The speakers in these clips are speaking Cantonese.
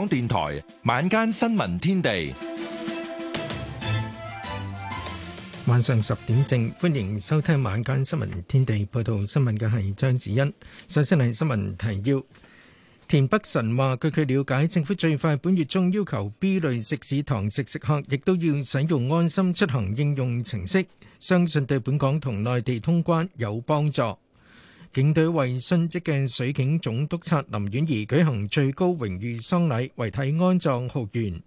港電台晚間新聞天地，晚上十點正，歡迎收聽晚間新聞天地。報道新聞嘅係張子欣。首先係新聞提要，田北辰話，據佢了解，政府最快本月中要求 B 類食肆堂食食客亦都要使用安心出行應用程式，相信對本港同內地通關有幫助。警隊為殉職嘅水警總督察林婉儀舉行最高榮譽喪禮，遺體安葬浩園。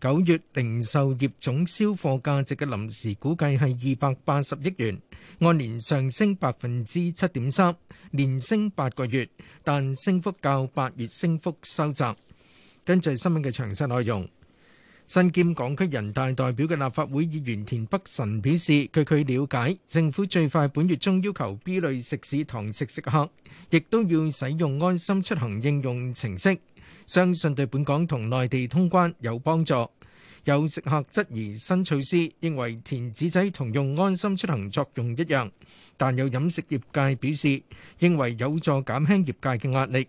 九月零售業總銷貨價值嘅臨時估計係二百八十億元，按年上升百分之七點三，連升八個月，但升幅較八月升幅收窄。根據新聞嘅詳細內容。身兼港區人大代表嘅立法會議員田北辰表示，據佢了解，政府最快本月中要求 B 類食肆堂食食客，亦都要使用安心出行應用程式，相信對本港同內地通關有幫助。有食客質疑新措施，認為填紙仔同用安心出行作用一樣，但有飲食業界表示，認為有助減輕業界嘅壓力。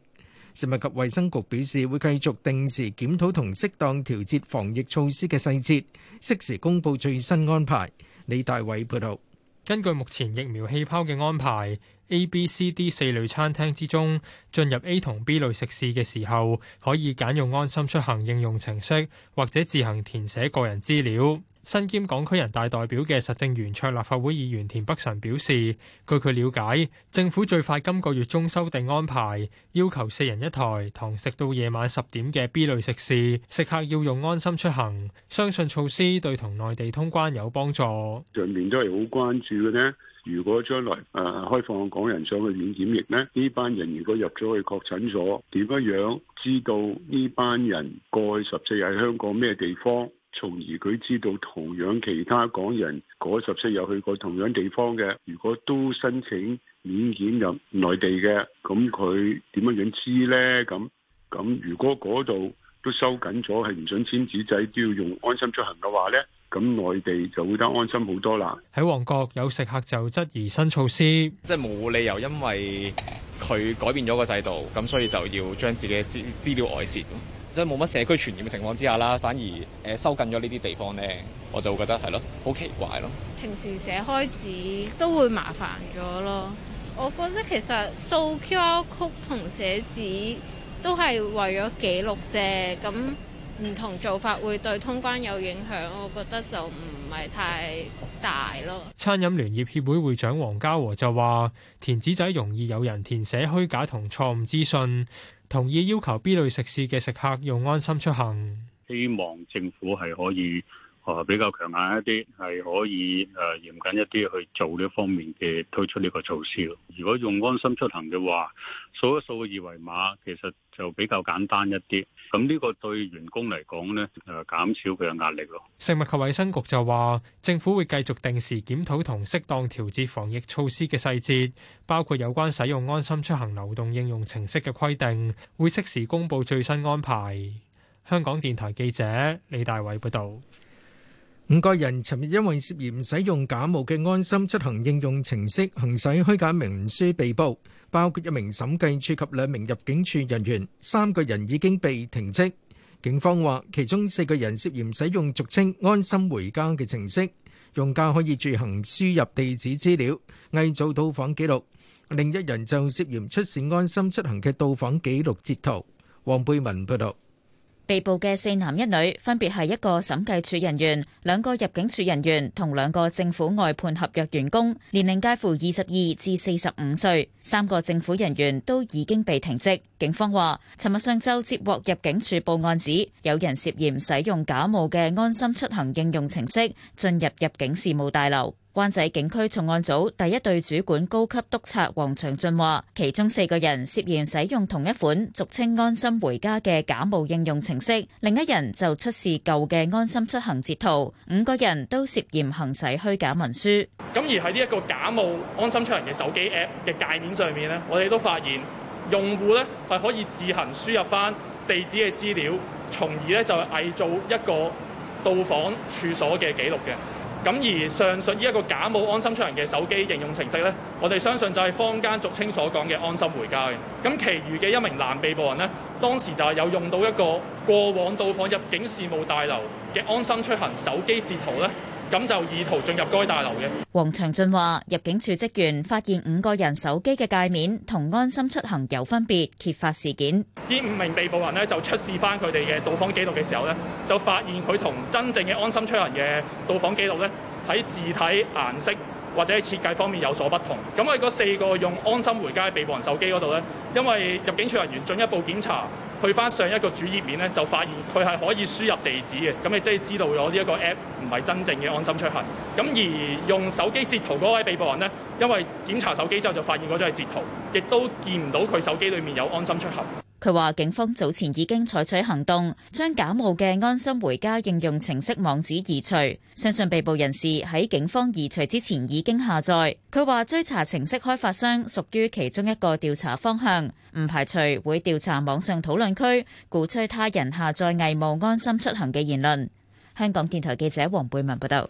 食物及衛生局表示，會繼續定時檢討同適當調節防疫措施嘅細節，適時公佈最新安排。李大偉報導。根據目前疫苗氣泡嘅安排，A、B、C、D 四類餐廳之中，進入 A 同 B 類食肆嘅時候，可以揀用安心出行應用程式或者自行填寫個人資料。身兼港區人大代表嘅實政圓桌立法會議員田北辰表示，據佢了解，政府最快今個月中修訂安排，要求四人一台堂食到夜晚十點嘅 B 類食肆，食客要用安心出行。相信措施對同內地通關有幫助。上面都係好關注嘅呢。如果將來誒開放港人上去免檢疫咧，呢班人如果入咗去確診咗，點樣樣知道呢班人過去十四日喺香港咩地方？從而佢知道同樣其他港人嗰十四日有去過同樣地方嘅，如果都申請免檢入內地嘅，咁佢點樣樣知呢？咁咁如果嗰度都收緊咗，係唔想簽紙仔都要用安心出行嘅話呢，咁內地就會得安心好多啦。喺旺角有食客就質疑新措施，即係冇理由因為佢改變咗個制度，咁所以就要將自己嘅資資料外泄。冇乜社區傳染嘅情況之下啦，反而誒收緊咗呢啲地方咧，我就會覺得係咯，好奇怪咯。平時寫開紙都會麻煩咗咯。我覺得其實掃 QR code 同寫紙都係為咗記錄啫，咁唔同做法會對通關有影響，我覺得就唔係太大咯。餐飲聯業協會會長黃家和就話：填紙仔容易有人填寫虛假同錯誤資訊。同意要求 B 類食肆嘅食客用安心出行，希望政府係可以比較強硬一啲，係可以啊嚴謹一啲去做呢方面嘅推出呢個措施。如果用安心出行嘅話，掃一掃個二維碼，其實就比較簡單一啲。咁呢個對員工嚟講呢，誒，減少佢嘅壓力咯。食物及衛生局就話，政府會繼續定時檢討同適當調節防疫措施嘅細節，包括有關使用安心出行流動應用程式嘅規定，會適時公布最新安排。香港電台記者李大偉報道。五個人尋日因為涉嫌使用假冒嘅安心出行應用程式，行使虛假文書被捕，包括一名審計署及兩名入境處人員，三個人已經被停職。警方話，其中四個人涉嫌使用俗稱安心回家嘅程式，用家可以自行輸入地址資料，偽造到訪記錄；另一人就涉嫌出示安心出行嘅到訪記錄截圖。黃貝文報道。被捕嘅四男一女，分別係一個審計處人員，兩個入境處人員同兩個政府外判合約員工，年齡介乎二十二至四十五歲，三個政府人員都已經被停職。警方話尋日上晝接獲入境處報案指，有人涉嫌使用假冒嘅安心出行應用程式進入入境事務大樓。灣仔警區重案組第一隊主管高級督察黃長俊話，其中四個人涉嫌使用同一款俗稱安心回家嘅假冒應用程式，另一人就出示舊嘅安心出行截圖，五個人都涉嫌行使虛假文書。咁而喺呢一個假冒安心出行嘅手機 app 嘅界面上面咧，我哋都發現用戶咧係可以自行輸入翻地址嘅資料，從而咧就係偽造一個到訪處所嘅記錄嘅。咁而上述呢一個假冒安心出行嘅手機應用程式咧，我哋相信就係坊間俗稱所講嘅安心回家嘅。咁，其餘嘅一名男被捕人咧，當時就係有用到一個過往到訪入境事務大樓嘅安心出行手機截圖咧。咁就意圖進入該大樓嘅。黃長俊話：入境處職員發現五個人手機嘅界面同安心出行有分別，揭發事件。呢五名被捕人呢，就出示翻佢哋嘅到訪記錄嘅時候呢，就發現佢同真正嘅安心出行嘅到訪記錄呢，喺字體顏色或者係設計方面有所不同。咁喺嗰四個用安心回家嘅被捕人手機嗰度呢，因為入境處人員進一步檢查。去返上一個主頁面咧，就發現佢係可以輸入地址嘅，咁你即係知道咗呢一個 app 唔係真正嘅安心出行。咁而用手機截圖嗰位被捕人咧，因為檢查手機之後就發現嗰張係截圖，亦都見唔到佢手機裡面有安心出行。佢話：警方早前已經採取行動，將假冒嘅安心回家應用程式網址移除，相信被捕人士喺警方移除之前已經下載。佢話追查程式開發商屬於其中一個調查方向，唔排除會調查網上討論區，鼓吹他人下載偽冒安心出行嘅言論。香港電台記者黃貝文報道。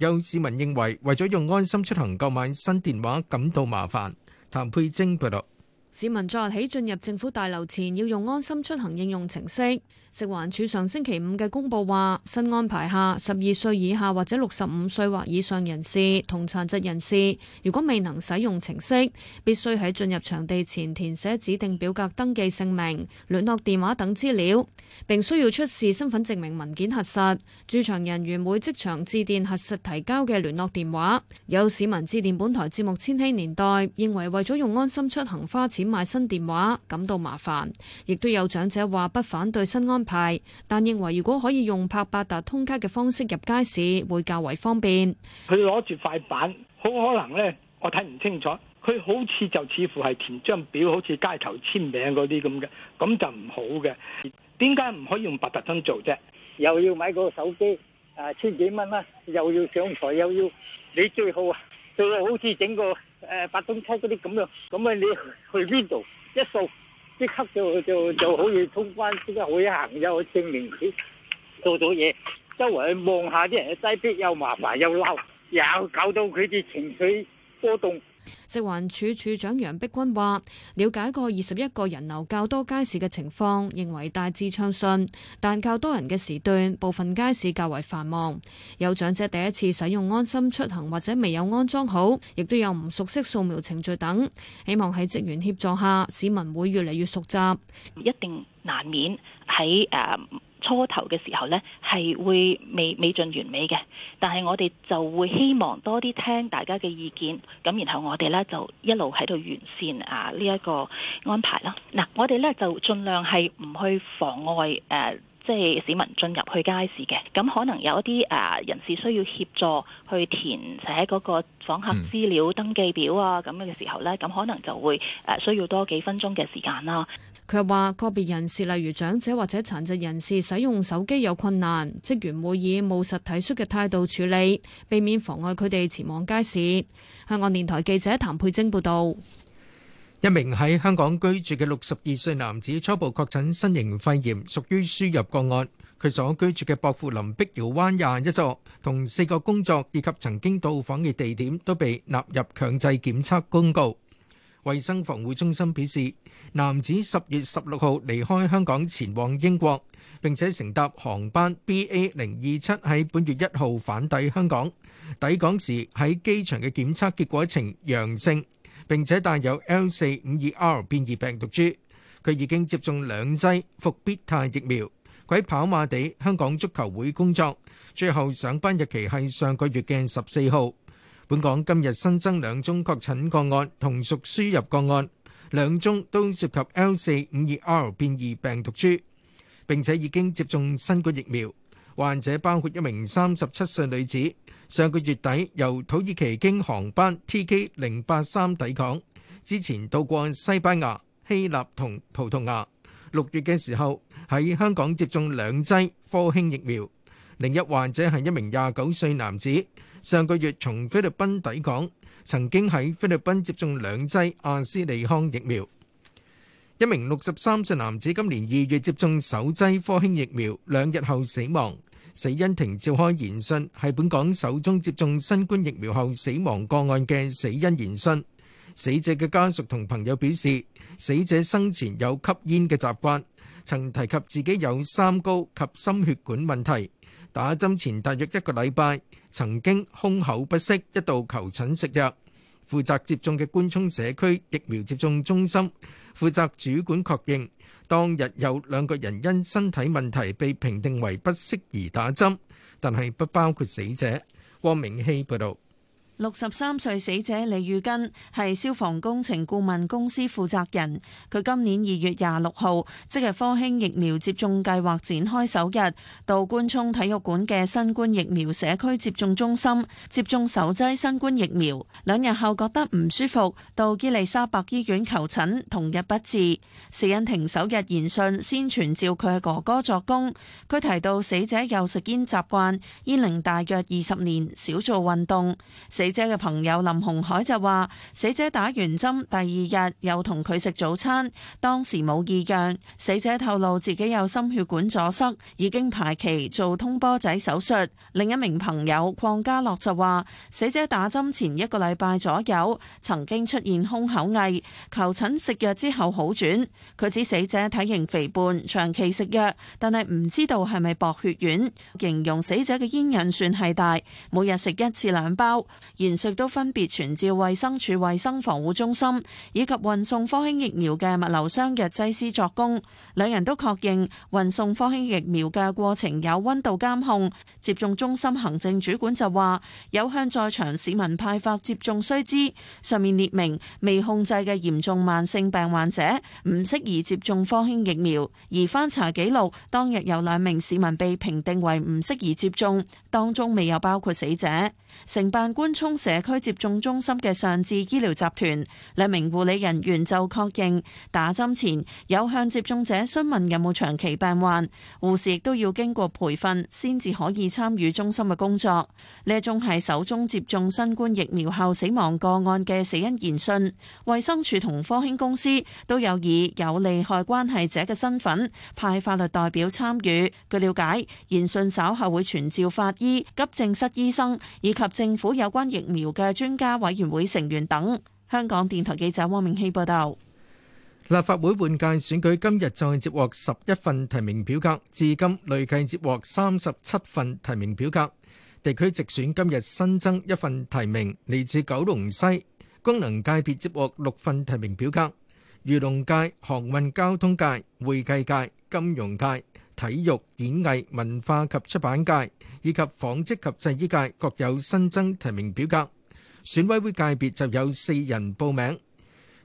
有市民認為，為咗用安心出行購買新電話感到麻煩。譚佩晶報導。市民昨日起進入政府大樓前要用安心出行應用程式。食環署上星期五嘅公布話，新安排下，十二歲以下或者六十五歲或以上人士同殘疾人士，如果未能使用程式，必須喺進入場地前填寫指定表格，登記姓名、聯絡電話等資料，並需要出示身份證明文件核實。駐場人員會即場致電核實提交嘅聯絡電話。有市民致電本台節目《千禧年代》，認為為咗用安心出行花點買新電話感到麻煩，亦都有長者話不反對新安排，但認為如果可以用拍八達通卡嘅方式入街市，會較為方便。佢攞住塊板，好可能咧，我睇唔清楚。佢好似就似乎係填張表，好似街頭簽名嗰啲咁嘅，咁就唔好嘅。點解唔可以用八達通做啫？又要買個手機，誒、啊，千幾蚊啦，又要上台，又要你最好啊，最好好似整個。誒，八通車嗰啲咁樣，咁啊你去邊度一掃，即刻就就就可以通關，即刻可以行，又證明佢做到嘢。周圍去望下啲人去擠逼，又麻煩又嬲，又搞到佢哋情緒波動。食環署署長楊碧君話：了解過二十一個人流較多街市嘅情況，認為大致暢順，但較多人嘅時段，部分街市較為繁忙。有長者第一次使用安心出行或者未有安裝好，亦都有唔熟悉掃描程序等。希望喺職員協助下，市民會越嚟越熟習。一定難免喺誒。初頭嘅時候呢係會未未盡完美嘅，但係我哋就會希望多啲聽大家嘅意見，咁然後我哋呢就一路喺度完善啊呢一個安排啦。嗱，我哋呢就盡量係唔去妨礙誒，即係市民進入去街市嘅。咁可能有一啲誒人士需要協助去填寫嗰個訪客資料登記表啊咁嘅時候呢，咁可能就會誒需要多幾分鐘嘅時間啦。佢話：個別人士例如長者或者殘疾人士使用手機有困難，職員會以務實體恤嘅態度處理，避免妨礙佢哋前往街市。香港電台記者譚佩晶報導。一名喺香港居住嘅六十二歲男子初步確診新型肺炎，屬於輸入個案。佢所居住嘅薄扶林碧瑤灣廿一座，同四個工作以及曾經到訪嘅地點都被納入強制檢測公告。衛生防護中心表示，男子十月十六號離開香港前往英國，並且乘搭航班 B.A. 零二七喺本月一號返抵香港。抵港時喺機場嘅檢測結果呈陽性，並且帶有 L. 四五二 R 變異病毒株。佢已經接種兩劑復必泰疫苗，佢喺跑馬地香港足球會工作，最後上班日期係上個月嘅十四號。本港今日新增兩宗確診個案，同屬輸入個案，兩宗都涉及 L 四五二 R 變異病毒株，並且已經接種新冠疫苗。患者包括一名三十七歲女子，上個月底由土耳其經航班 TK 零八三抵港，之前到過西班牙、希臘同葡萄牙。六月嘅時候喺香港接種兩劑科興疫苗。另一患者係一名廿九歲男子。上個月從菲律賓抵港，曾經喺菲律賓接種兩劑阿斯利康疫苗。一名六十三歲男子今年二月接種首劑科興疫苗，兩日後死亡，死因庭召開研訊，係本港首宗接種新冠疫苗後死亡個案嘅死因研訊。死者嘅家屬同朋友表示，死者生前有吸煙嘅習慣，曾提及自己有三高及心血管問題。打針前大約一個禮拜，曾經胸口不適，一度求診食藥。負責接種嘅官涌社區疫苗接種中心負責主管確認，當日有兩個人因身體問題被評定為不適宜打針，但係不包括死者。汪明希報道。六十三歲死者李宇根係消防工程顧問公司負責人，佢今年二月廿六號，即係科興疫苗接種計劃展開首日，到官涌體育館嘅新冠疫苗社區接種中心接種首劑新冠疫苗，兩日後覺得唔舒服，到伊利沙伯醫院求診，同日不治。死因庭首日研訊先傳召佢嘅哥哥作供。佢提到死者有食煙習慣，煙齡大約二十年，少做運動，死。死者嘅朋友林洪海就話：死者打完針第二日又同佢食早餐，當時冇異樣。死者透露自己有心血管阻塞，已經排期做通波仔手術。另一名朋友鄺家樂就話：死者打針前一個禮拜左右曾經出現胸口翳，求診食藥之後好轉。佢指死者體型肥胖，長期食藥，但係唔知道係咪薄血丸。形容死者嘅煙癮算係大，每日食一次兩包。延述都分別傳召衛生署衛生防護中心以及運送科興疫苗嘅物流商藥劑師作供，兩人都確認運送科興疫苗嘅過程有溫度監控。接種中心行政主管就話，有向在場市民派發接種須知，上面列明未控制嘅嚴重慢性病患者唔適宜接種科興疫苗。而翻查記錄當日有兩名市民被評定為唔適宜接種，當中未有包括死者。承辦官充。社區接種中心嘅尚至醫療集團兩名護理人員就確認打針前有向接種者詢問有冇長期病患，護士亦都要經過培訓先至可以參與中心嘅工作。呢一宗係首宗接種新冠疫苗後死亡個案嘅死因研訊，衛生署同科興公司都有以有利害關係者嘅身份派法律代表參與。據了解，研訊稍後會傳召法醫、急症室醫生以及政府有關疫。疫苗嘅專家委員會成員等。香港電台記者汪明熙報道，立法會換屆選舉今日再接獲十一份提名表格，至今累計接獲三十七份提名表格。地區直選今日新增一份提名，嚟自九龍西功能界別接獲六份提名表格，漁農界、航運交通界、會計界、金融界。體育、演藝、文化及出版界，以及紡織及製衣界各有新增提名表格。選委會界別就有四人報名。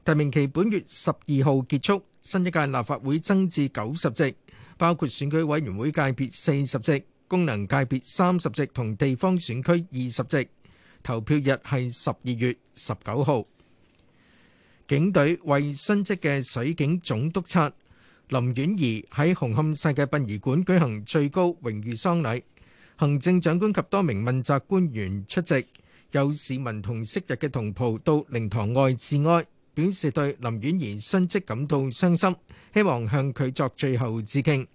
提名期本月十二號結束。新一屆立法會增至九十席，包括選舉委員會界別四十席、功能界別三十席同地方選區二十席。投票日係十二月十九號。警隊為新職嘅水警總督察。林婉儀喺紅磡世界殯儀館舉行最高榮譽喪禮，行政長官及多名問責官員出席，有市民同昔日嘅同袍到靈堂外致哀，表示對林婉儀殉職感到傷心，希望向佢作最後致敬。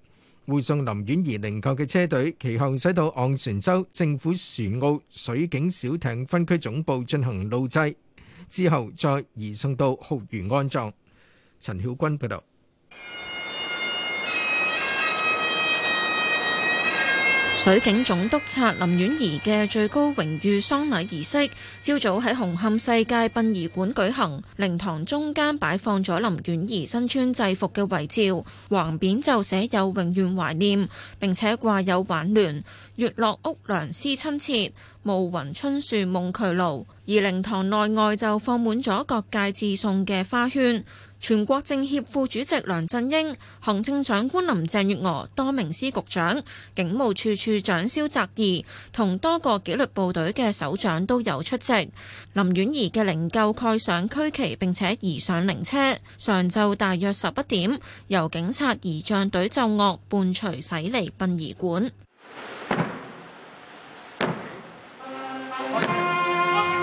護送林婉儀靈柩嘅車隊，其後駛到昂船洲政府船澳水警小艇分區總部進行路祭，之後再移送到浩園安葬。陳曉君報導。水警總督察林婉儀嘅最高榮譽喪禮儀式，朝早喺紅磡世界殯儀館舉行。靈堂中間擺放咗林婉儀身穿制服嘅遺照，橫匾就寫有永遠懷念。並且掛有挽聯：月落屋梁思親切，暮雲春樹夢驅盧。而靈堂內外就放滿咗各界致送嘅花圈。全國政協副主席梁振英、行政長官林鄭月娥、多名司局長、警務處處長蕭澤頤同多個紀律部隊嘅首長都有出席。林婉儀嘅靈柩蓋上區旗，並且移上靈車。上晝大約十一點，由警察儀仗隊奏樂伴隨駛離殯儀館。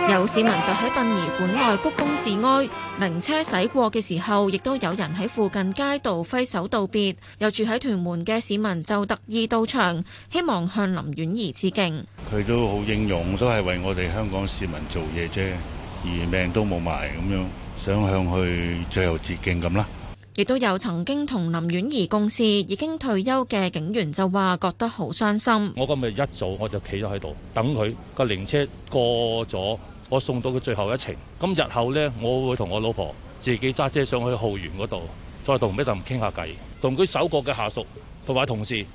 有市民就喺殯儀館外鞠躬致哀，靈車駛過嘅時候，亦都有人喺附近街道揮手道別。又住喺屯門嘅市民就特意到場，希望向林婉儀致敬。佢都好英勇，都係為我哋香港市民做嘢啫，而命都冇埋咁樣，想向佢最後致敬咁啦。亦都有曾經同林婉儀共事、已經退休嘅警員就話覺得好傷心。我今日一早我就企咗喺度等佢個靈車過咗。我送到佢最後一程，咁日後咧，我會同我老婆自己揸車上去浩園嗰度，再同咩鄧傾下計。同佢首個嘅下屬同埋同事，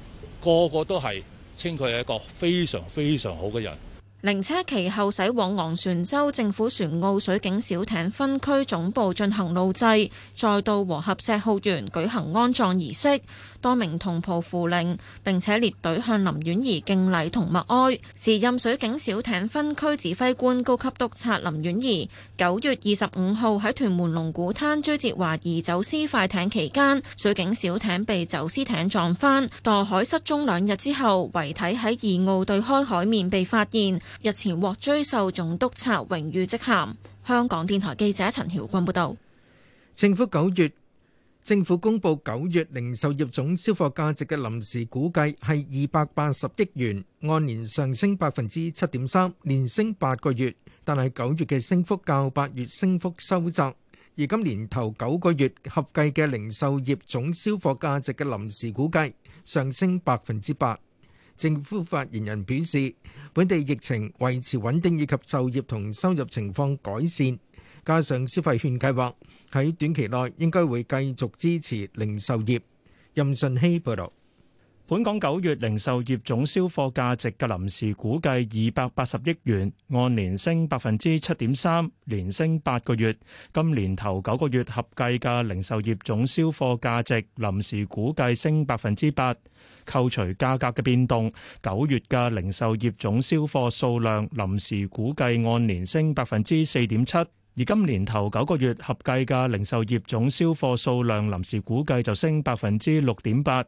個個都係稱佢係一個非常非常好嘅人。靈車其後駛往昂船洲政府船澳水警小艇分區總部進行路祭，再到和合石浩園舉行安葬儀式。多名同袍扶靈，並且列隊向林婉儀敬禮同默哀。時任水警小艇分區指揮官、高級督察林婉儀九月二十五號喺屯門龍鼓灘追截懷疑走私快艇期間，水警小艇被走私艇撞翻，墮海失蹤兩日之後遺體喺二澳對開海面被發現，日前獲追授總督察榮譽職銜。香港電台記者陳曉君報道。政府九月。政府公布九月零售業總銷貨價值嘅臨時估計係二百八十億元，按年上升百分之七點三，連升八個月。但係九月嘅升幅較八月升幅收窄。而今年頭九個月合計嘅零售業總銷貨價值嘅臨時估計上升百分之八。政府發言人表示，本地疫情維持穩定以及就業同收入情況改善，加上消費券計劃。喺短期內應該會繼續支持零售業。任順希報導。本港九月零售業總銷貨價值嘅臨時估計二百八十億元，按年升百分之七點三，連升八個月。今年頭九個月合計嘅零售業總銷貨價值臨時估計升百分之八，扣除價格嘅變動，九月嘅零售業總銷貨數量臨時估計按年升百分之四點七。而今年頭九個月合計嘅零售業總銷貨數量，臨時估計就升百分之六點八。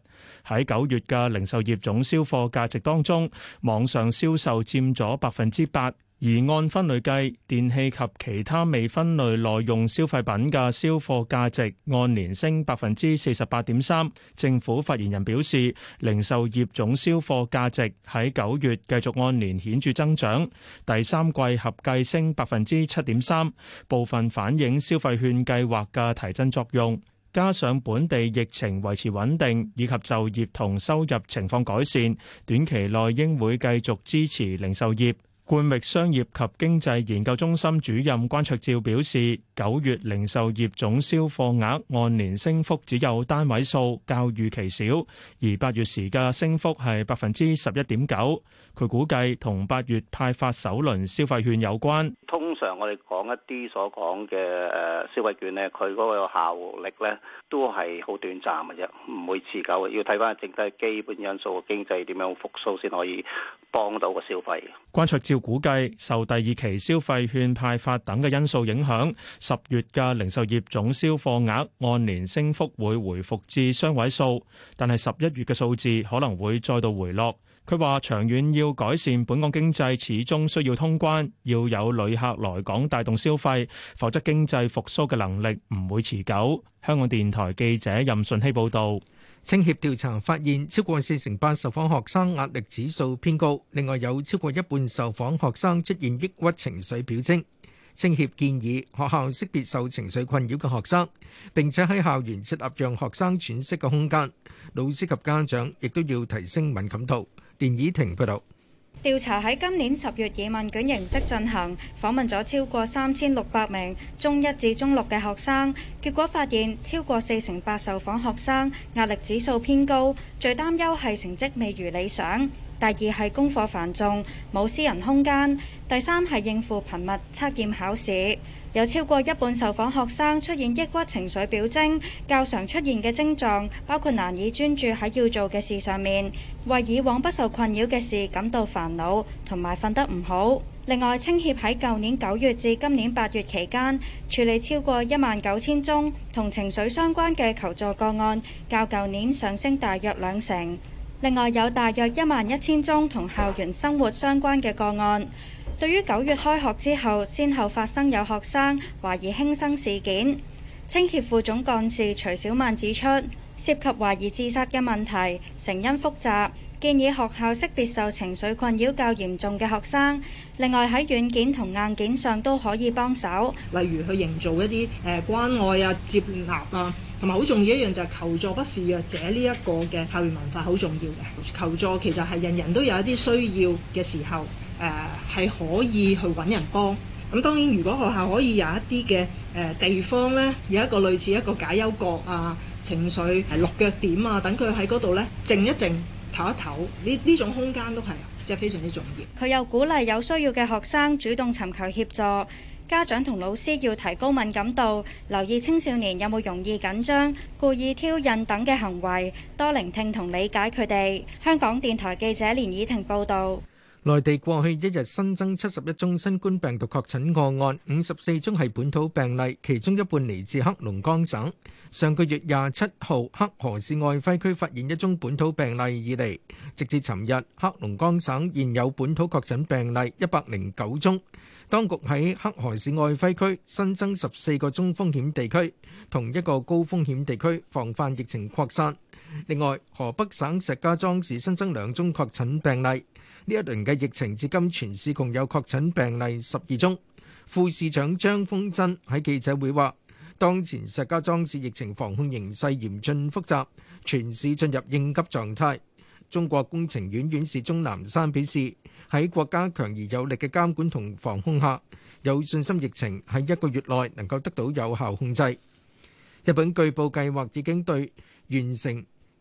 喺九月嘅零售業總銷貨價值當中，網上銷售佔咗百分之八。而按分類計，電器及其他未分類耐用消費品嘅銷貨價值按年升百分之四十八點三。政府發言人表示，零售業總銷貨價值喺九月繼續按年顯著增長，第三季合計升百分之七點三，部分反映消費券計劃嘅提振作用，加上本地疫情維持穩定以及就業同收入情況改善，短期內應會繼續支持零售業。冠域商業及經濟研究中心主任關卓照表示，九月零售業總銷貨額按年升幅只有單位數，較預期少。而八月時嘅升幅係百分之十一點九，佢估計同八月派發首輪消費券有關。通常我哋講一啲所講嘅誒消費券呢，佢嗰個效力呢都係好短暫嘅啫，唔會持久。要睇翻淨低基本因素，經濟點樣復甦先可以幫到個消費。關卓照估計，受第二期消費券派發等嘅因素影響，十月嘅零售業總銷貨額按年升幅會回復至雙位數，但係十一月嘅數字可能會再度回落。佢話：長遠要改善本港經濟，始終需要通關，要有旅客來港帶動消費，否則經濟復甦嘅能力唔會持久。香港電台記者任順希報導。青協調查發現，超過四成八受訪學生壓力指數偏高，另外有超過一半受訪學生出現抑鬱情緒表徵。青協建議學校識別受情緒困擾嘅學生，並且喺校園設立讓學生喘息嘅空間。老師及家長亦都要提升敏感度。連綺婷報道：調查喺今年十月以問卷形式進行，訪問咗超過三千六百名中一至中六嘅學生，結果發現超過四成八受訪學生壓力指數偏高，最擔憂係成績未如理想，第二係功課繁重，冇私人空間，第三係應付頻密測驗考試。有超過一半受訪學生出現抑鬱情緒表徵，較常出現嘅症狀包括難以專注喺要做嘅事上面，為以往不受困擾嘅事感到煩惱，同埋瞓得唔好。另外，青協喺舊年九月至今年八月期間，處理超過一萬九千宗同情緒相關嘅求助個案，較舊年上升大約兩成。另外，有大約一萬一千宗同校園生活相關嘅個案。對於九月開學之後，先後發生有學生懷疑輕生事件，青協副總幹事徐小曼指出，涉及懷疑自殺嘅問題，成因複雜，建議學校識別受情緒困擾較嚴重嘅學生。另外喺軟件同硬件上都可以幫手，例如去營造一啲誒關愛啊、接納啊，同埋好重要一樣就係求助不是弱者呢一個嘅校園文化，好重要嘅求助其實係人人都有一啲需要嘅時候。誒係可以去揾人幫咁。當然，如果學校可以有一啲嘅誒地方呢，有一個類似一個解憂角啊、情緒落腳點啊，等佢喺嗰度呢靜一靜、唞一唞，呢呢種空間都係即係非常之重要。佢又鼓勵有需要嘅學生主動尋求協助，家長同老師要提高敏感度，留意青少年有冇容易緊張、故意挑釁等嘅行為，多聆聽同理解佢哋。香港電台記者連以婷報導。內地過去一日新增七十一宗新冠病毒確診個案，五十四宗係本土病例，其中一半嚟自黑龍江省。上個月廿七號，黑河市愛輝區發現一宗本土病例以嚟，直至尋日，黑龍江省現有本土確診病例一百零九宗。當局喺黑河市愛輝區新增十四個中風險地區，同一個高風險地區，防範疫情擴散。另外，河北省石家莊市新增兩宗確診病例，呢一輪嘅疫情至今全市共有確診病例十二宗。副市長張峰珍喺記者會話，當前石家莊市疫情防控形勢嚴峻複雜，全市進入應急狀態。中國工程院院士鐘南山表示，喺國家強而有力嘅監管同防控下，有信心疫情喺一個月內能夠得到有效控制。日本據報計劃已經對完成。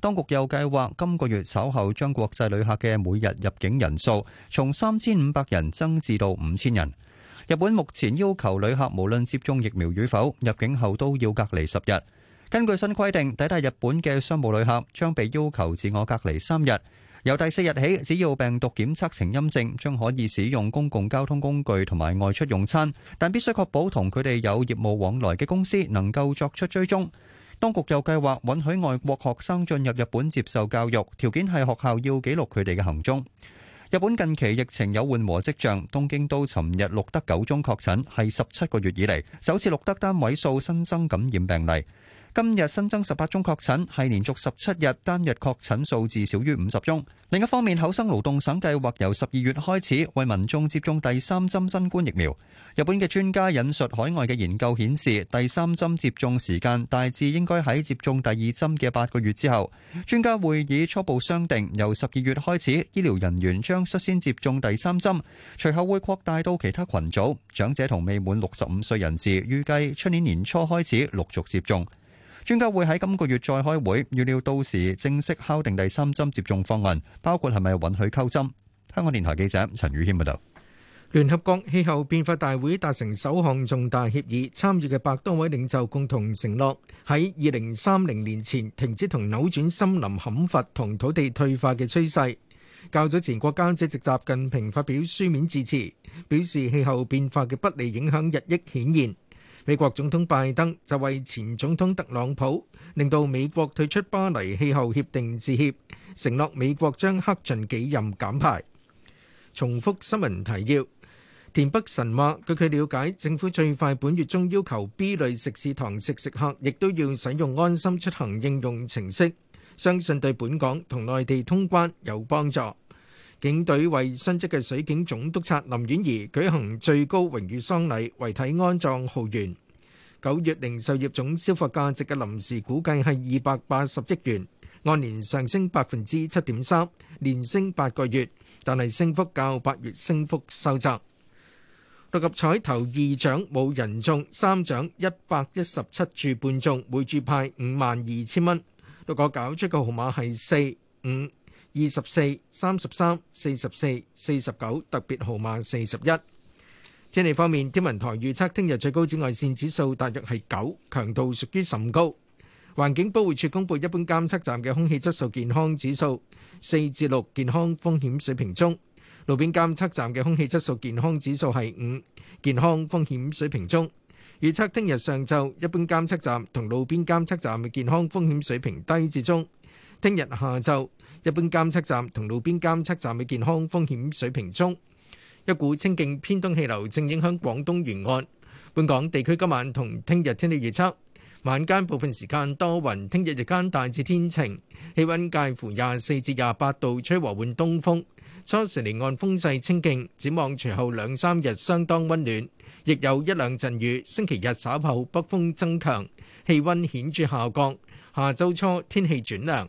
當局又計劃今個月稍後將國際旅客嘅每日入境人數從三千五百人增至到五千人。日本目前要求旅客無論接種疫苗與否，入境後都要隔離十日。根據新規定，抵達日本嘅商務旅客將被要求自我隔離三日。由第四日起，只要病毒檢測呈陰性，將可以使用公共交通工具同埋外出用餐，但必須確保同佢哋有業務往來嘅公司能夠作出追蹤。當局又計劃允許外國學生進入日本接受教育，條件係學校要記錄佢哋嘅行蹤。日本近期疫情有緩和跡象，東京都尋日錄得九宗確診，係十七個月以嚟首次錄得單位數新增感染病例。今日新增十八宗確診，係連續十七日單日確診數字少於五十宗。另一方面，厚生勞動省計劃由十二月開始為民眾接種第三針新冠疫苗。日本嘅專家引述海外嘅研究顯示，第三針接種時間大致應該喺接種第二針嘅八個月之後。專家會議初步商定，由十二月開始，醫療人員將率先接種第三針，隨後會擴大到其他群組，長者同未滿六十五歲人士，預計出年年初開始陸續接種。專家會喺今個月再開會，預料到時正式敲定第三針接種方案，包括係咪允許溝針。香港電台記者陳宇軒報導。聯合國氣候變化大會達成首項重大協議，參與嘅百多位領袖共同承諾喺二零三零年前停止同扭轉森林砍伐同土地退化嘅趨勢。較早前國家主席習近平發表書面致辭，表示氣候變化嘅不利影響日益顯現。美國總統拜登就為前總統特朗普令到美國退出巴黎氣候協定致歉，承諾美國將克盡己任減排。重複新聞提要：田北辰話據佢了解，政府最快本月中要求 B 類食肆堂食食客亦都要使用安心出行應用程式，相信對本港同內地通關有幫助。警隊為殉職嘅水警總督察林婉儀舉行最高榮譽喪禮，遺體安葬浩園。九月零售業總消費價值嘅臨時估計係二百八十億元，按年上升百分之七點三，連升八個月，但係升幅較八月升幅收窄。六合彩頭二獎冇人中，三獎一百一十七注半中，每注派五萬二千蚊。六個攪出嘅號碼係四五。二十四、三十三、四十四、四十九，特別號碼四十一。天氣方面，天文台預測聽日最高紫外線指數大約係九，強度屬於甚高。環境保護署公布一般監測站嘅空氣質素健康指數四至六，健康風險水平中；路邊監測站嘅空氣質素健康指數係五，健康風險水平中。預測聽日上晝一般監測站同路邊監測站嘅健康風險水平低至中。聽日下晝。一般監測站同路邊監測站嘅健康風險水平中，一股清勁偏東氣流正影響廣東沿岸。本港地區今晚同聽日天氣預測：晚間部分時間多雲，聽日日間大致天晴，氣溫介乎廿四至廿八度，吹和緩東風。初時離岸風勢清勁，展望隨後兩三日相當溫暖，亦有一兩陣雨。星期日稍後北風增強，氣溫顯著下降。下周初天氣轉涼。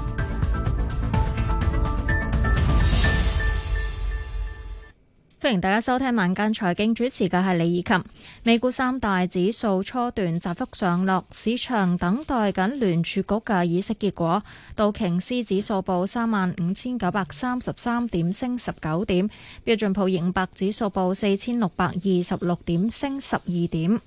歡迎大家收聽晚間財經，主持嘅係李怡琴。美股三大指數初段窄幅上落，市場等待緊聯儲局嘅議息結果。道瓊斯指數報三萬五千九百三十三點，升十九點；標準普爾五百指數報四千六百二十六點，升十二點。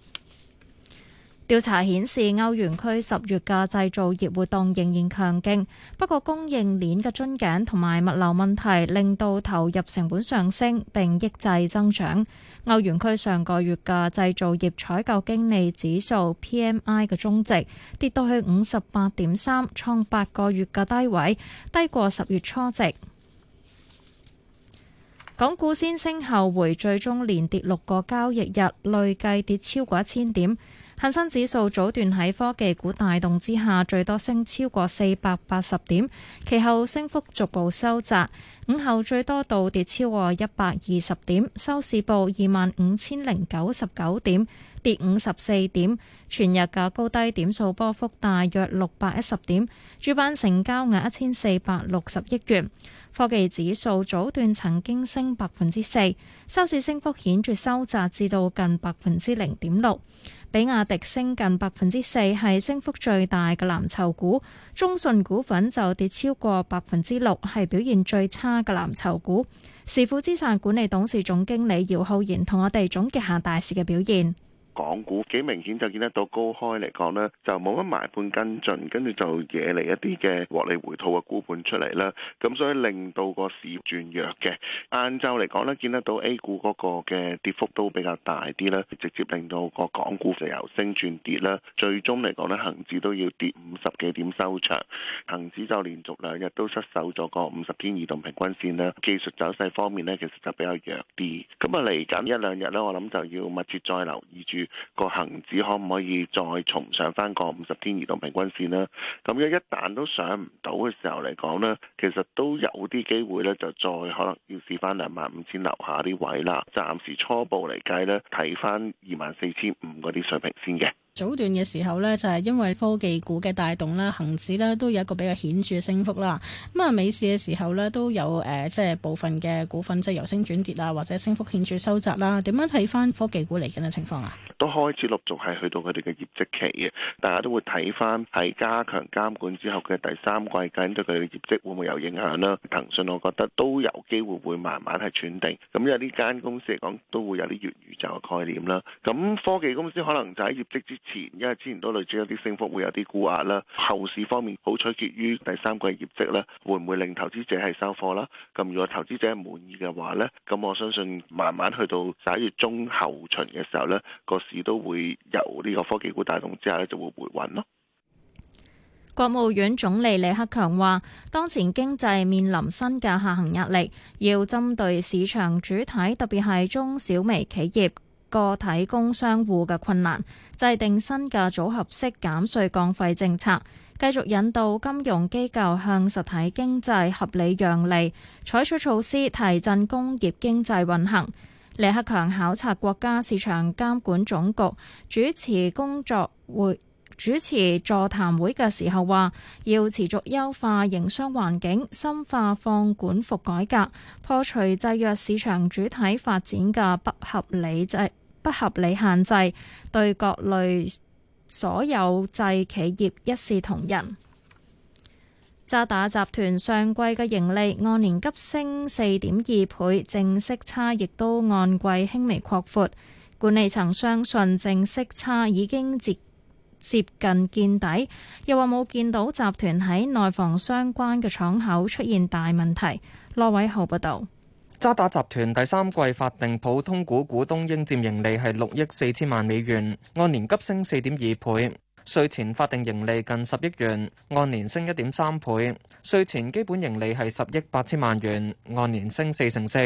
調查顯示，歐元區十月嘅製造業活動仍然強勁，不過供應鏈嘅樽頸同埋物流問題，令到投入成本上升並抑制增長。歐元區上個月嘅製造業採購經理指數 （PMI） 嘅中值跌到去五十八點三，創八個月嘅低位，低過十月初值。港股先升後回，最終連跌六個交易日，累計跌超過一千點。恒生指數早段喺科技股帶動之下，最多升超過四百八十點，其後升幅逐步收窄。午後最多倒跌超過一百二十點，收市報二萬五千零九十九點，跌五十四點。全日嘅高低點數波幅大約六百一十點，主板成交額一千四百六十億元。科技指數早段曾經升百分之四，收市升幅顯著收窄至到近百分之零點六。比亞迪升近百分之四係升幅最大嘅藍籌股，中信股份就跌超過百分之六，係表現最差嘅藍籌股。時富資產管理董事總經理姚浩然同我哋總結下大市嘅表現。港股幾明顯就見得到高開嚟講咧，就冇乜買盤跟進，跟住就惹嚟一啲嘅獲利回吐嘅沽盤出嚟啦。咁所以令到個市轉弱嘅。晏晝嚟講呢，見得到 A 股嗰個嘅跌幅都比較大啲啦，直接令到個港股就由升轉跌啦。最終嚟講呢，恒指都要跌五十幾點收場，恒指就連續兩日都失守咗個五十天移動平均線啦。技術走勢方面呢，其實就比較弱啲。咁啊，嚟緊一兩日呢，我諗就要密切再留意住。個恒指可唔可以再重上翻個五十天移動平均線咧？咁樣一旦都上唔到嘅時候嚟講呢，其實都有啲機會呢，就再可能要試翻兩萬五千樓下啲位啦。暫時初步嚟計呢，睇翻二萬四千五嗰啲水平先嘅。早段嘅時候呢，就係、是、因為科技股嘅帶動啦，恆指咧都有一個比較顯著嘅升幅啦。咁啊，美市嘅時候呢，都有誒、呃，即係部分嘅股份即係由升轉跌啊，或者升幅顯著收窄啦。點樣睇翻科技股嚟緊嘅情況啊？都開始陸續係去到佢哋嘅業績期嘅，大家都會睇翻係加強監管之後嘅第三季，究竟對佢哋嘅業績會唔會有影響啦。騰訊，我覺得都有機會會慢慢係轉定，咁因為呢間公司嚟講都會有啲粵語就嘅概念啦。咁科技公司可能就喺業績之前因為之前都類似有啲升幅，會有啲估壓啦。後市方面，好取決於第三季業績啦，會唔會令投資者係收貨啦？咁如果投資者滿意嘅話咧，咁我相信慢慢去到十一月中後旬嘅時候咧，個市都會由呢個科技股帶動之下咧，就會回穩咯。國務院總理李克強話，當前經濟面臨新嘅下行壓力，要針對市場主體，特別係中小微企業。個體工商戶嘅困難，制定新嘅組合式減稅降費政策，繼續引導金融機構向實體經濟合理讓利，採取措施提振工業經濟運行。李克強考察國家市場監管總局，主持工作會、主持座談會嘅時候話，要持續優化營商環境，深化放管服改革，破除制約市場主體發展嘅不合理制，不合理限制，對各類所有制企業一視同仁。渣打集團上季嘅盈利按年急升四點二倍，淨息差亦都按季輕微擴闊，闊。管理層相信淨息差已經接接近見底，又話冇見到集團喺內房相關嘅敞口出現大問題。羅偉豪報道。渣打集團第三季法定普通股股東應佔盈利係六億四千萬美元，按年急升四點二倍；稅前法定盈利近十億元，按年升一點三倍；稅前基本盈利係十億八千萬元，按年升四成四。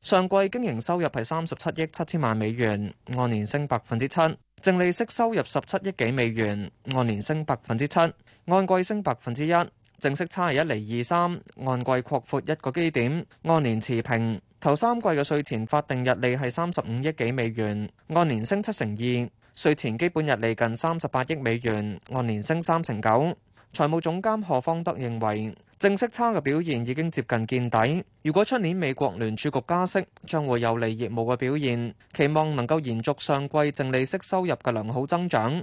上季經營收入係三十七億七千萬美元，按年升百分之七；淨利息收入十七億幾美元，按年升百分之七，按季升百分之一。淨息差係一厘二三，按季擴闊一個基點，按年持平。頭三季嘅稅前法定日利係三十五億幾美元，按年升七成二。稅前基本日利近三十八億美元，按年升三成九。財務總監何方德認為，淨息差嘅表現已經接近見底。如果出年美國聯儲局加息，將會有利業務嘅表現，期望能夠延續上季淨利息收入嘅良好增長。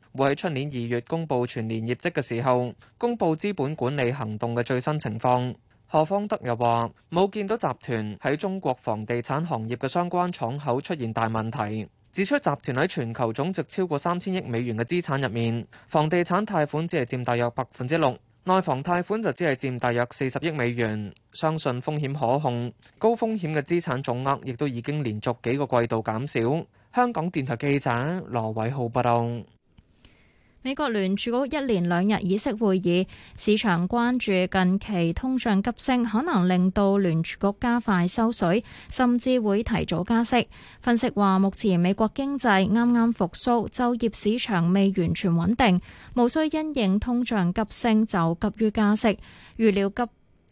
會喺出年二月公布全年業績嘅時候，公布資本管理行動嘅最新情況。何方德又話冇見到集團喺中國房地產行業嘅相關廠口出現大問題，指出集團喺全球總值超過三千億美元嘅資產入面，房地產貸款只係佔大約百分之六，內房貸款就只係佔大約四十億美元，相信風險可控，高風險嘅資產總額亦都已經連續幾個季度減少。香港電台記者羅偉浩報道。美國聯儲局一連兩日議息會議，市場關注近期通脹急升，可能令到聯儲局加快收水，甚至會提早加息。分析話，目前美國經濟啱啱復蘇，就業市場未完全穩定，無需因應通脹急升就急於加息。預料急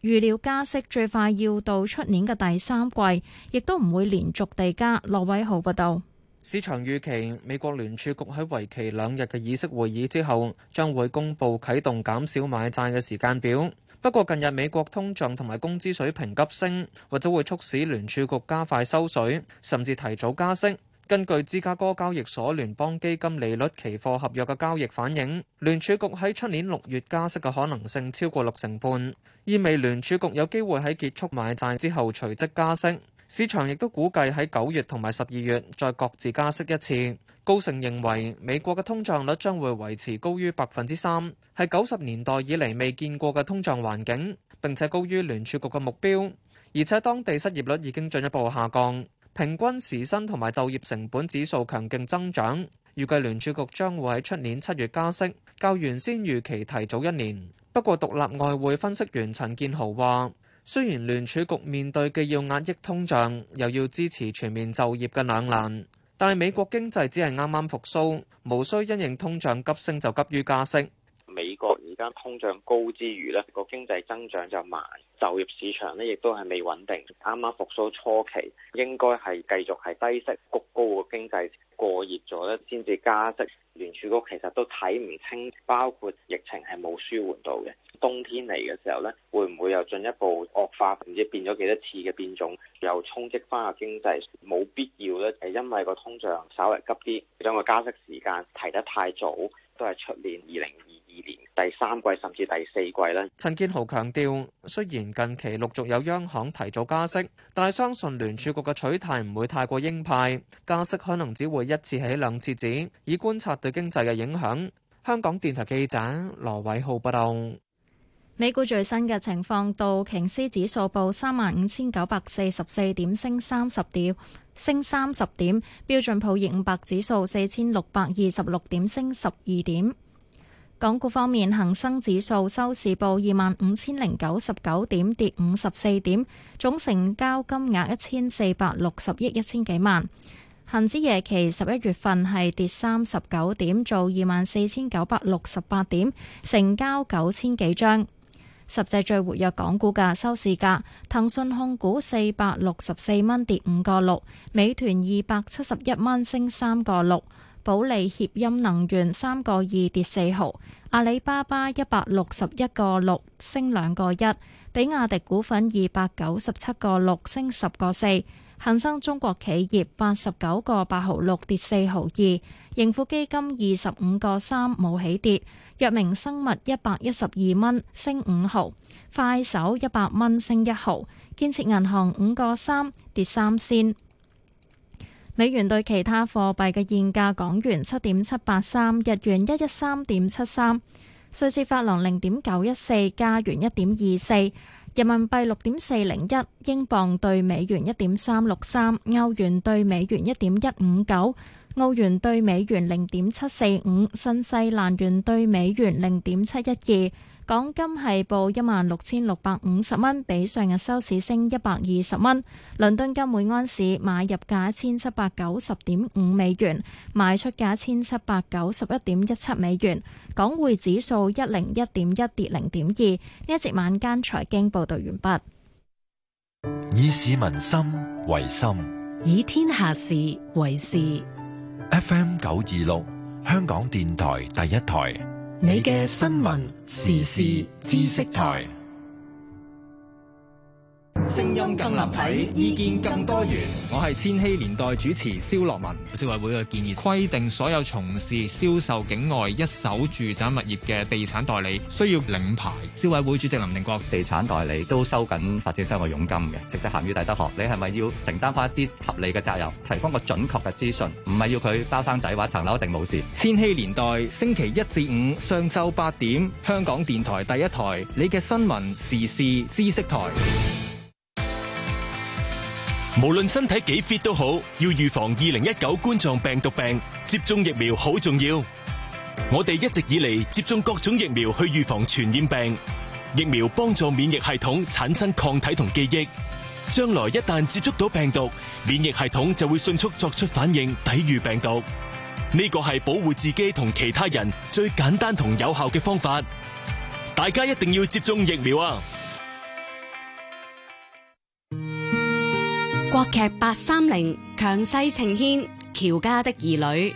預料加息最快要到出年嘅第三季，亦都唔會連續地加。駱偉豪報道。市場預期美國聯儲局喺為期兩日嘅議息會議之後，將會公布啟動減少買債嘅時間表。不過，近日美國通脹同埋工資水平急升，或者會促使聯儲局加快收水，甚至提早加息。根據芝加哥交易所聯邦基金利率期貨合約嘅交易反映，聯儲局喺出年六月加息嘅可能性超過六成半，意味聯儲局有機會喺結束買債之後隨即加息。市場亦都估計喺九月同埋十二月再各自加息一次。高盛認為美國嘅通脹率將會維持高於百分之三，係九十年代以嚟未見過嘅通脹環境，並且高於聯儲局嘅目標。而且當地失業率已經進一步下降，平均時薪同埋就業成本指數強勁增長，預計聯儲局將會喺出年七月加息，較原先預期提早一年。不過，獨立外匯分析員陳建豪話：雖然聯儲局面對既要壓抑通脹，又要支持全面就業嘅兩難，但係美國經濟只係啱啱復甦，無需因應通脹急升就急於加息。而家通脹高之餘咧，個經濟增長就慢，就業市場咧亦都係未穩定。啱啱復甦初期，應該係繼續係低息谷高嘅經濟過熱咗咧，先至加息。聯儲局其實都睇唔清，包括疫情係冇舒緩到嘅。冬天嚟嘅時候咧，會唔會又進一步惡化？唔知變咗幾多次嘅變種，又衝擊翻個經濟。冇必要咧，係因為個通脹稍微急啲，將個加息時間提得太早，都係出年二零二年第三季，甚至第四季咧。陳建豪強調，雖然近期陸續有央行提早加息，但係相信聯儲局嘅取態唔會太過鷹派，加息可能只會一次起兩次止，以觀察對經濟嘅影響。香港電台記者羅偉浩報道。美股最新嘅情況，道瓊斯指數報三萬五千九百四十四點，升三十點，升三十點。標準普爾五百指數四千六百二十六點，升十二點。港股方面，恒生指數收市報二萬五千零九十九點，跌五十四點，總成交金額一千四百六十億一千幾萬。恒指夜期十一月份係跌三十九點，做二萬四千九百六十八點，成交九千幾張。十隻最活躍港股嘅收市價，騰訊控股四百六十四蚊，跌五個六；美團二百七十一蚊，升三個六。保利協鑫能源三個二跌四毫，阿里巴巴一百六十一個六升兩個一，比亞迪股份二百九十七個六升十個四，恒生中國企業八十九個八毫六跌四毫二，盈富基金二十五個三冇起跌，藥明生物一百一十二蚊升五毫，快手一百蚊升一毫，建設銀行五個三跌三仙。美元兌其他貨幣嘅現價：港元七點七八三，日元一一三點七三，瑞士法郎零點九一四，加元一點二四，人民幣六點四零一，英鎊對美元一點三六三，歐元對美元一點一五九，澳元對美元零點七四五，新西蘭元對美元零點七一二。港金係報一萬六千六百五十蚊，比上日收市升一百二十蚊。倫敦金每安士買入價一千七百九十點五美元，賣出價一千七百九十一點一七美元。港匯指數一零一點一跌零點二。呢一節晚間財經報道完畢。以市民心為心，以天下事為事。FM 九二六，香港電台第一台。你嘅新聞時事知識台。聲音更立體，意見更多元。我係千禧年代主持蕭樂文。消委會嘅建議規定，所有從事銷售境外一手住宅物業嘅地產代理需要領牌。消委會主席林定國：地產代理都收緊發展商嘅佣金嘅，值得限於大德學。你係咪要承擔翻一啲合理嘅責任，提供個準確嘅資訊？唔係要佢包生仔話層樓定冇事。千禧年代星期一至五上晝八點，香港電台第一台，你嘅新聞時事知識台。無論身體幾 fit 都好，要預防二零一九冠狀病毒病，接種疫苗好重要。我哋一直以嚟接種各種疫苗去預防傳染病，疫苗幫助免疫系統產生抗體同記憶，將來一旦接觸到病毒，免疫系統就會迅速作出反應，抵禦病毒。呢個係保護自己同其他人最簡單同有效嘅方法，大家一定要接種疫苗啊！國劇八三零，強勢呈獻喬家的兒女。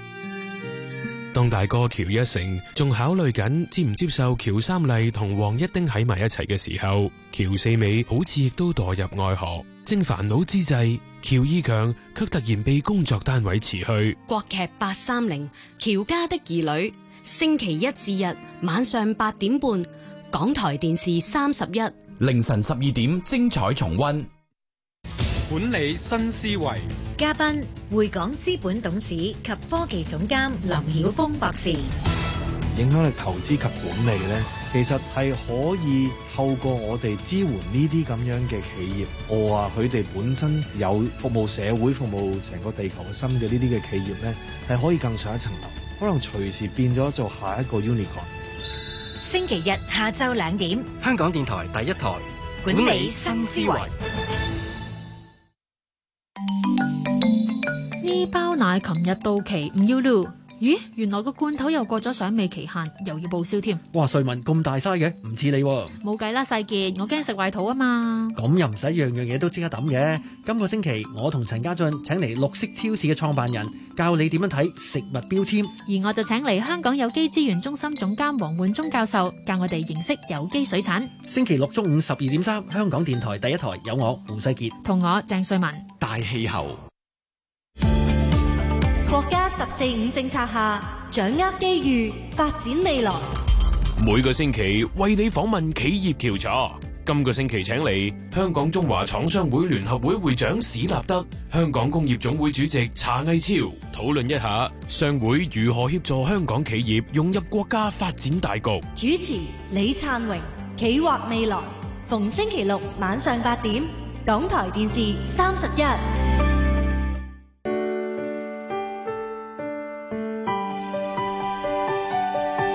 當大哥喬一成仲考慮緊接唔接受喬三麗同王一丁喺埋一齊嘅時候，喬四美好似亦都墮入愛河。正煩惱之際，喬二強卻突然被工作單位辭去。國劇八三零喬家的兒女，星期一至日晚上八點半，港台電視三十一，凌晨十二點精彩重溫。管理新思維，嘉賓匯港資本董事及科技總監林曉峰博士，影響力投資及管理咧，其實係可以透過我哋支援呢啲咁樣嘅企業，我話佢哋本身有服務社會、服務成個地球嘅心嘅呢啲嘅企業咧，係可以更上一層樓，可能隨時變咗做下一個 unicorn。星期日下晝兩點，香港電台第一台管理新思維。係琴日到期唔要咯。咦？原來個罐頭又過咗賞味期限，又要報銷添。哇！瑞文咁大嘥嘅，唔似你。冇計啦，世傑，我驚食壞肚啊嘛。咁又唔使樣樣嘢都即刻抌嘅。今個星期我同陳家俊請嚟綠色超市嘅創辦人，教你點樣睇食物標籤。而我就請嚟香港有機資源中心總監黃煥忠教授，教我哋認識有機水產。星期六中午十二點三，香港電台第一台有我胡世傑、同我鄭瑞文，大氣候。國家十四五政策下，掌握機遇，發展未來。每個星期為你訪問企業調查，今個星期請嚟香港中華廠商會聯合會會長史立德、香港工業總會主席查毅超討論一下商會如何協助香港企業融入國家發展大局。主持李燦榮企劃未來，逢星期六晚上八點，港台電視三十一。